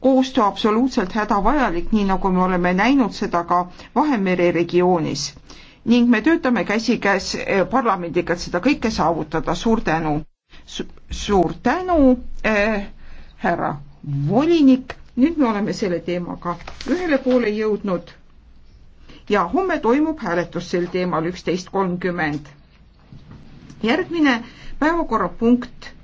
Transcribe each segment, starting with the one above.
koostöö absoluutselt hädavajalik, nii nagu me oleme näinud seda ka Vahemere regioonis. ning me töötame käsikäes eh, parlamendiga, et seda kõike saavutada, suur tänu Su. suur tänu äh,, härra volinik, nüüd me oleme selle teemaga ühele poole jõudnud ja homme toimub hääletus sel teemal üksteist kolmkümmend. järgmine päevakorrapunkt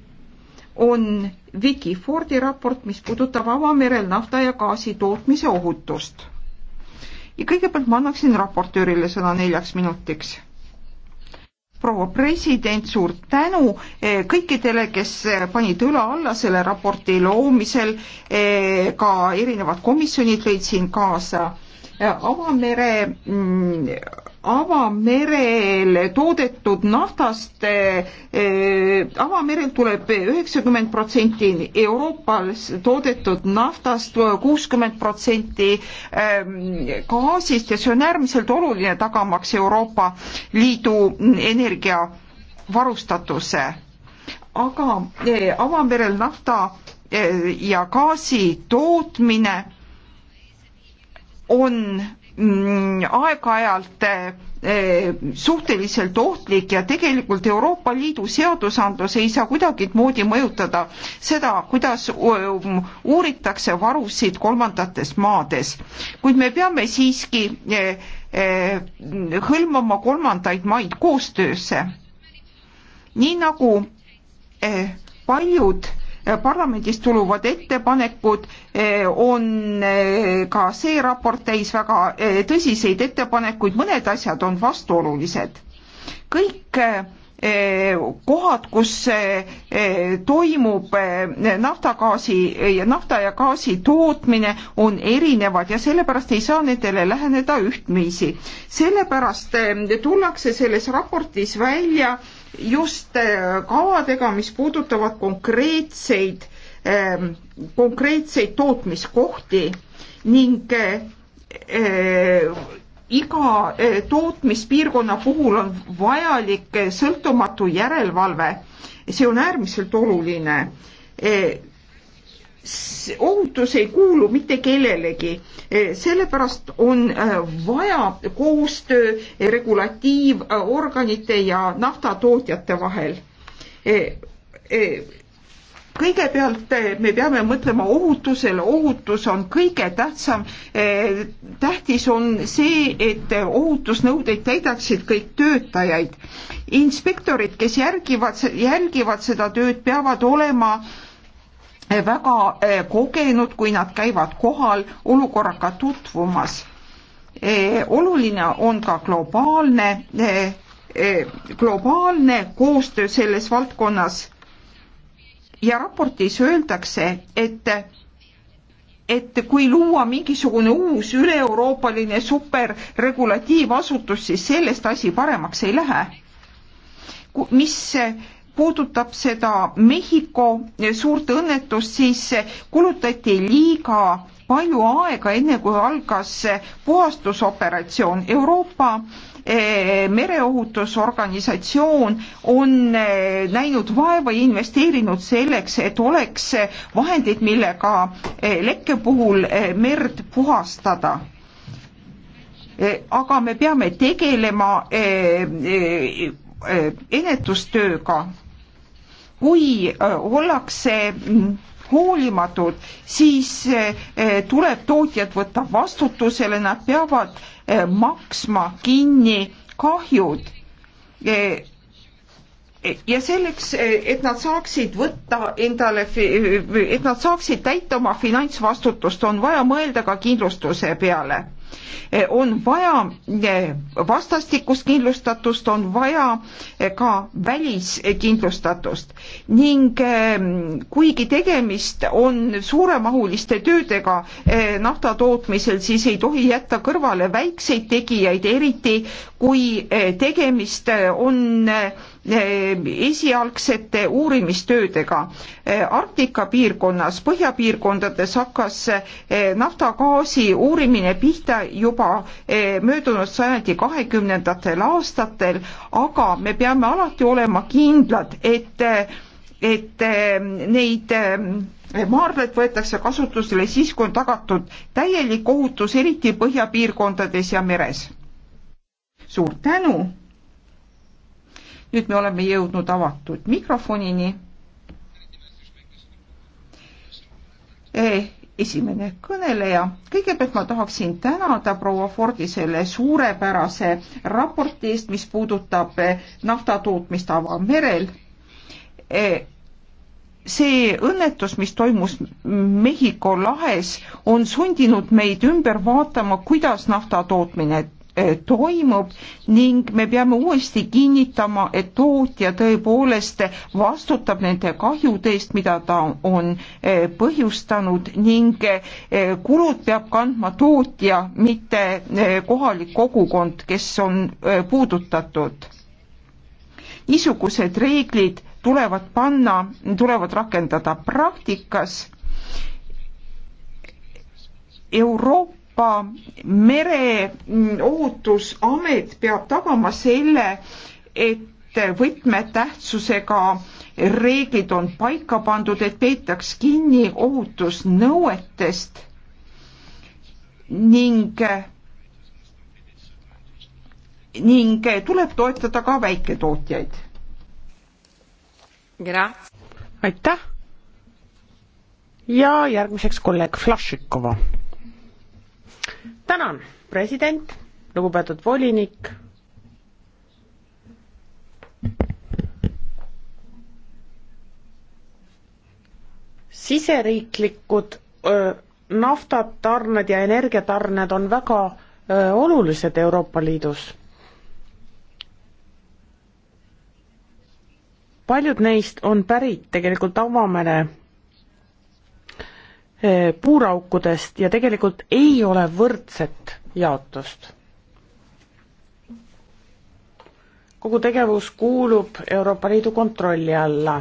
on Vicky Fordi raport, mis puudutab avamerel nafta ja gaasi tootmise ohutust. ja kõigepealt ma annaksin raportöörile sõna neljaks minutiks. proua president, suur tänu eh, kõikidele, kes eh, panid õla alla selle raporti loomisel, eh, ka erinevad komisjonid lõid siin kaasa avamere mm, avamerel toodetud naftast äh,, eh, avamerel tuleb üheksakümmend protsenti Euroopas toodetud naftast, kuuskümmend protsenti ehm, gaasist ja see on äärmiselt oluline, tagamaks Euroopa Liidu energiavarustatuse. aga äh, eh, avamerel nafta äh, ja gaasi tootmine on Mm, aeg-ajalt eh, suhteliselt ohtlik ja tegelikult Euroopa Liidu seadusandlus ei saa kuidagimoodi mõjutada seda, kuidas um, uuritakse varusid kolmandates maades. kuid me peame siiski eh, eh, hõlmama kolmandaid maid koostöösse. nii nagu paljud Äh, parlamendist tuluvad ettepanekud äh, on äh, ka see raport täis väga tõsiseid ettepanekuid, mõned asjad on vastuolulised. kõik Eh, kohad, kus eh, toimub eh, naftagaasi ja nafta ja gaasi tootmine, on erinevad ja sellepärast ei saa nendele läheneda ühtviisi. sellepärast tullakse selles raportis välja just kavadega, mis puudutavad konkreetseid, konkreetseid tootmiskohti ning iga eh, tootmispiirkonna puhul on vajalik eh, sõltumatu järelevalve. see on äärmiselt oluline. Eh, ohutus ei kuulu mitte kellelegi, sellepärast on vaja koostöö regulatiivorganite ja naftatootjate vahel kõigepealt eh, me peame mõtlema ohutusele, ohutus on kõige tähtsam. Eh, tähtis on see, et ohutusnõudeid täidaksid kõik töötajaid. inspektorid, kes järgivad, jälgivad seda tööd, peavad olema eh, väga kogenud, kui nad käivad kohal olukorraga tutvumas. oluline on ka globaalne globaalne koostöö selles valdkonnas ja raportis öeldakse, et et kui luua mingisugune uus üle-euroopaline superregulatiivasutus, siis sellest asi paremaks ei lähe. mis puudutab seda Mehhiko suurt õnnetust, siis kulutati liiga palju aega, enne kui algas puhastusoperatsioon. Euroopa eh, mereohutusorganisatsioon on eh, näinud vaeva ja investeerinud selleks, et oleks vahendid, millega eh, lekke puhul merd puhastada aga me peame tegelema ennetustööga. kui ollakse mm, hoolimatud, siis eh, eh, tuleb tootjad võtta vastutusele, nad peavad eh, maksma kinni kahjud. ja selleks, et nad saaksid võtta endale, et nad saaksid täita oma finantsvastutust, on vaja mõelda ka kindlustuse peale Eh, on vaja eh, vastastikust kindlustatust, on vaja eh, ka väliskindlustatust ning kuigi tegemist on suuremahuliste töödega nafta tootmisel, siis ei tohi jätta kõrvale väikseid tegijaid, eriti kui tegemist on Eh, esialgsete uurimistöödega. Eh, Arktika piirkonnas, põhjapiirkondades hakkas eh, naftagaasi uurimine pihta juba möödunud sajandi kahekümnendatel aastatel, aga me peame alati olema kindlad, et, et neid maardlaid võetakse kasutusele siis, kui on tagatud täielik ohutus, eriti põhjapiirkondades ja meres. suur tänu! nüüd me oleme jõudnud avatud mikrofonini. E, esimene kõneleja, kõigepealt ma tahaksin tänada proua Fordi selle suurepärase raporti eest, mis puudutab nafta tootmist avamerel e, see õnnetus, mis toimus Mehhiko lahes, on sundinud meid ümber vaatama, kuidas nafta tootmine Eh, toimub ning me peame uuesti kinnitama, et tootja tõepoolest vastutab nende kahjude eest, mida ta on eh, põhjustanud ning eh, kulud peab kandma tootja, mitte kohalik kogukond, kes on puudutatud. niisugused reeglid tulevad panna, tulevad rakendada praktikas. Euroopa Euroopa mereohutusamet mm, peab tagama selle, et võtmetähtsusega reeglid on paika pandud, et peetaks kinni ohutusnõuetest ning ning tuleb toetada ka väiketootjaid. aitäh! ja järgmiseks kolleeg Flašikova tänan, president, lugupeetud volinik. siseriiklikud öö, naftatarned ja energiatarned on väga öö, olulised Euroopa Liidus paljud neist on pärit tegelikult avamere Eh, puuraukudest ja tegelikult ei ole võrdset jaotust. kogu tegevus kuulub Euroopa Liidu kontrolli alla.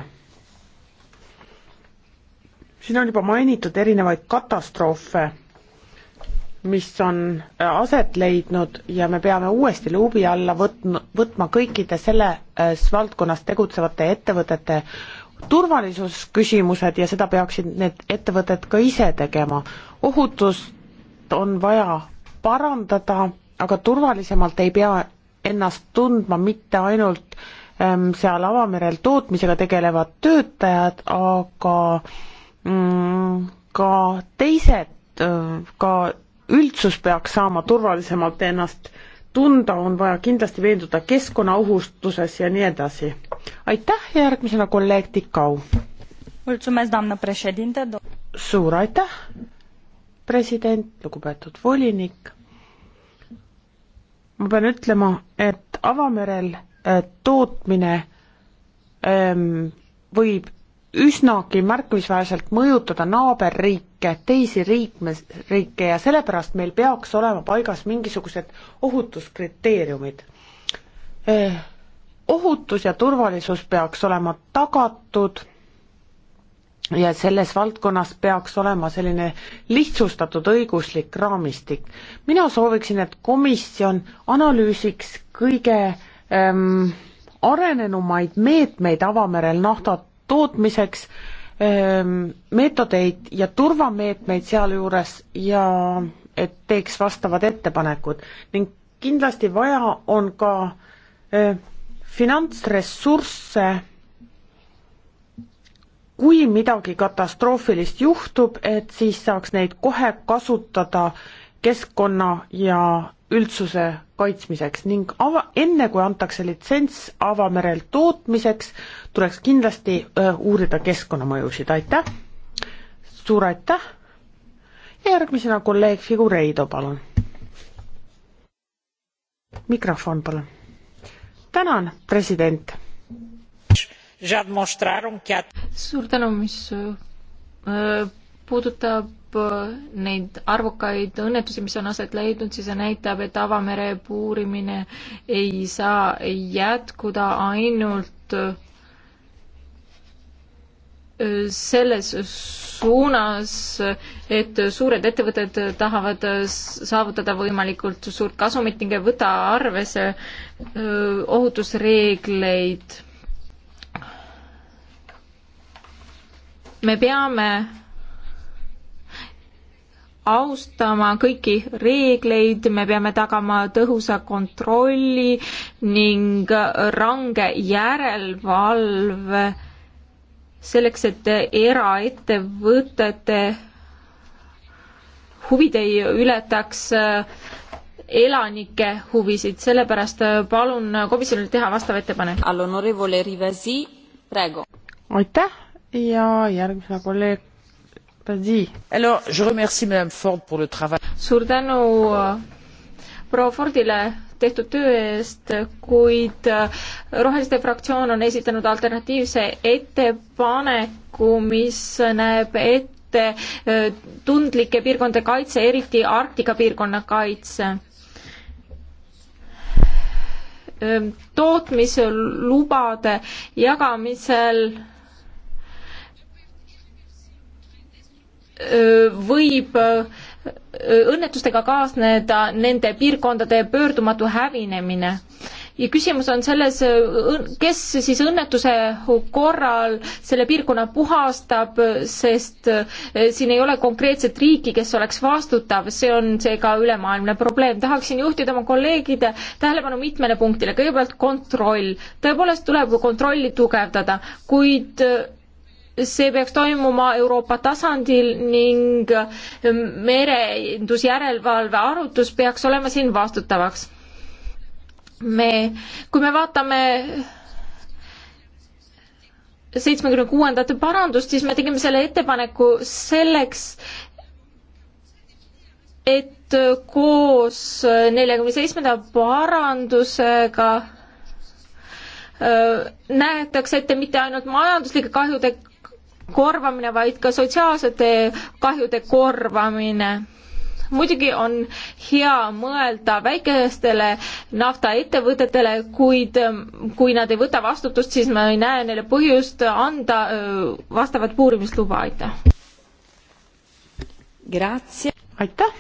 siin on juba mainitud erinevaid katastroofe, mis on eh, aset leidnud ja me peame uuesti luubi alla võtma, võtma kõikide selles eh, valdkonnas tegutsevate ettevõtete turvalisusküsimused ja seda peaksid need ettevõtted ka ise tegema. ohutust on vaja parandada, aga turvalisemalt ei pea ennast tundma mitte ainult ähm, seal avamerel tootmisega tegelevad töötajad, aga mm, ka teised, ka üldsus peaks saama turvalisemalt ennast äh, tunda, on vaja kindlasti veenduda keskkonnaohustuses ja nii edasi. aitäh ja järgmisena kolleeg Tikau. suur aitäh, president, lugupeetud volinik. ma pean ütlema, et avamerel eh, tootmine ähm, võib üsnagi märkimisväärselt mõjutada naaberriike, teisi liikmesriike ja sellepärast meil peaks olema paigas mingisugused ohutuskriteeriumid. Eh, ohutus ja turvalisus peaks olema tagatud ja selles valdkonnas peaks olema selline lihtsustatud õiguslik raamistik. mina sooviksin, et komisjon analüüsiks kõige ähm, arenenumaid meetmeid avamerel naftat tootmiseks ähm, meetodeid ja turvameetmeid sealjuures ja et teeks vastavad ettepanekud ning kindlasti vaja on ka äh, finantsressursse, kui midagi katastroofilist juhtub, et siis saaks neid kohe kasutada äh, keskkonna ja üldsuse kaitsmiseks ning ava-, enne kui antakse litsents avamerel tootmiseks, tuleks kindlasti öö, uurida keskkonnamõjusid, aitäh! suur aitäh! ja järgmisena kolleeg Figureido, palun. mikrofon, palun. tänan, president! suur tänu, mis öö, puudutab Äh, neid arvukaid õnnetusi, mis on aset leidnud, siis see näitab, et avamere puurimine ei saa jätkuda ainult äh, selles suunas, et suured ettevõtted tahavad äh, saavutada võimalikult suurt kasumit ning ei võta arvesse ohutusreegleid. me peame austama kõiki reegleid, me peame tagama tõhusa kontrolli ning range järelevalve selleks, et eraettevõtete huvid ei ületaks äh, elanike huvisid, sellepärast äh, palun äh, komisjonil teha vastav ettepanek. aitäh ja järgmisena kolleeg suur tänu äh, proua Fordile tehtud töö eest, kuid äh, Roheliste fraktsioon on esitanud alternatiivse ettepaneku, mis näeb ette äh, tundlike piirkondade kaitse, eriti Arktika piirkonna kaitse tootmislubade jagamisel võib õnnetustega kaasneda nende piirkondade pöördumatu hävinemine. ja küsimus on selles, kes siis õnnetuse korral selle piirkonna puhastab, sest siin ei ole konkreetset riiki, kes oleks vastutav, see on seega ülemaailmne probleem. tahaksin juhtida oma kolleegide tähelepanu mitmele punktile, kõigepealt kontroll. tõepoolest tuleb kontrolli tugevdada, kuid see peaks toimuma Euroopa tasandil ning merendusjärelevalve arutus peaks olema siin vastutavaks. me, kui me vaatame seitsmekümne kuuendat parandust, siis me tegime selle ettepaneku selleks, et koos neljakümne seitsmenda parandusega äh, näetakse ette mitte ainult majanduslike kahjude korvamine, vaid ka sotsiaalsete kahjude korvamine muidugi on hea mõelda väikestele naftaettevõtetele, kuid kui nad ei võta vastutust, siis ma ei näe neile põhjust anda vastavat puurimisluba, aitäh. aitäh.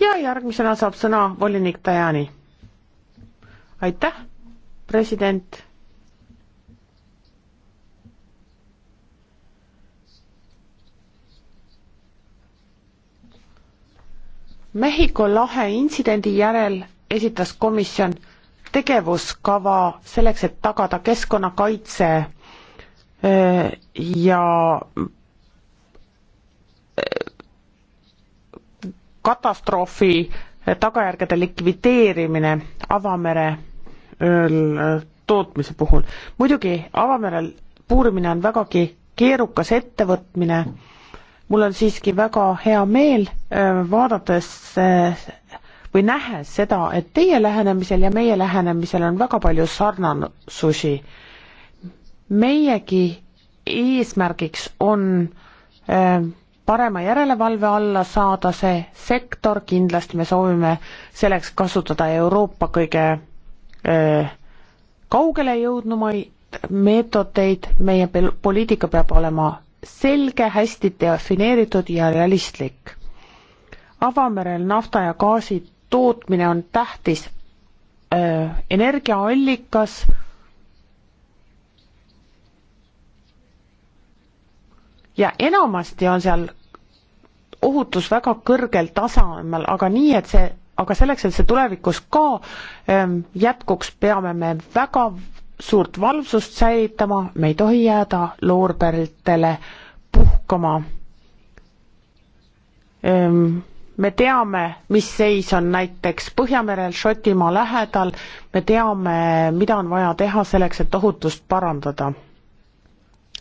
ja järgmisena saab sõna volinik Tajani. aitäh, president Mehhiko lahe intsidendi järel esitas komisjon tegevuskava selleks, et tagada keskkonnakaitse äh, ja äh, katastroofi tagajärgede likvideerimine avamere äh, tootmise puhul. muidugi avamerel puurimine on vägagi keerukas ettevõtmine mul on siiski väga hea meel äh, vaadates äh, või nähes seda, et teie lähenemisel ja meie lähenemisel on väga palju sarnasusi. meiegi eesmärgiks on äh, parema järelevalve alla saada see sektor, kindlasti me soovime selleks kasutada Euroopa kõige kaugele jõudnumaid meetodeid, meie poliitika peab olema selge, hästi defineeritud ja realistlik. avamerel nafta ja gaasi tootmine on tähtis öö, äh, energiaallikas, ja enamasti on seal ohutus väga kõrgel tasemel, aga nii, et see, aga selleks, et see tulevikus ka ähm, jätkuks, peame me väga suurt valvsust säilitama, me ei tohi jääda loorberitele puhkama. Ehm, me teame, mis seis on näiteks Põhjamerel, Šotimaa lähedal, me teame, mida on vaja teha selleks, et ohutust parandada.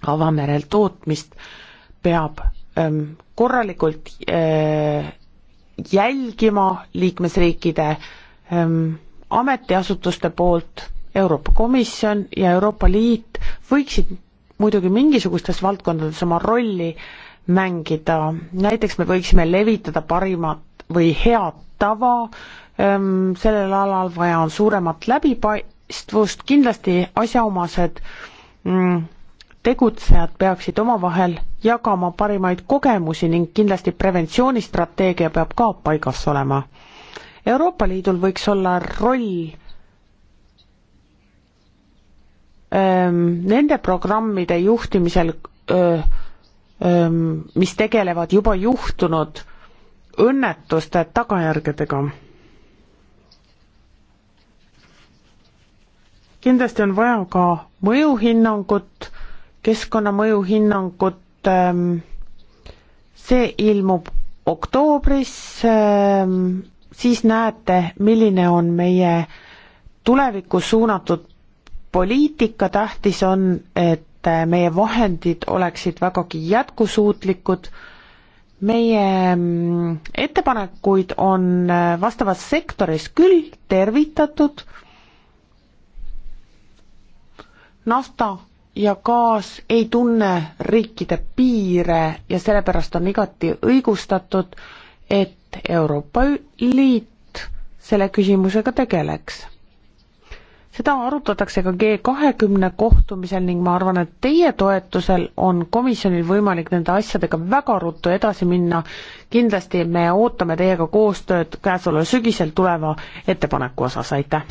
avamerel tootmist peab ehm, korralikult eh, jälgima liikmesriikide ehm, ametiasutuste poolt Euroopa Komisjon ja Euroopa Liit võiksid muidugi mingisugustes valdkondades oma rolli mängida, näiteks me võiksime levitada parimat või head tava ähm, sellel alal, vaja on suuremat läbipaistvust, kindlasti asjaomased mm, tegutsejad peaksid omavahel jagama parimaid kogemusi ning kindlasti preventsioonistrateegia peab ka paigas olema. Euroopa Liidul võiks olla roll nende programmide juhtimisel, mis tegelevad juba juhtunud õnnetuste tagajärgedega. kindlasti on vaja ka mõjuhinnangut, keskkonnamõju hinnangut, see ilmub oktoobris, siis näete, milline on meie tulevikku suunatud poliitika tähtis on, et meie vahendid oleksid vägagi jätkusuutlikud, meie mm, ettepanekuid on äh, vastavas sektoris küll tervitatud, nafta ja gaas ei tunne riikide piire ja sellepärast on igati õigustatud, et Euroopa Liit selle küsimusega tegeleks seda arutatakse ka G kahekümne kohtumisel ning ma arvan, et teie toetusel on komisjonil võimalik nende asjadega väga ruttu edasi minna. kindlasti me ootame teiega koostööd käesoleval sügisel tuleva ettepaneku osas, aitäh!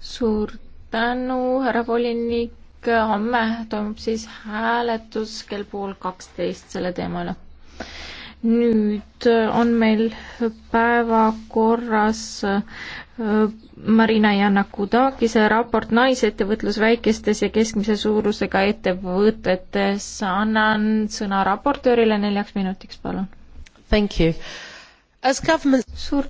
suur tänu, härra volinik, homme toimub siis hääletus kell pool kaksteist selle teema üle nüüd äh, on meil päevakorras äh, Marina Janakudakise raport Naisettevõtlus väikestes ja keskmise suurusega ettevõtetes. annan sõna raportöörile neljaks minutiks, palun. Thank you. As government suur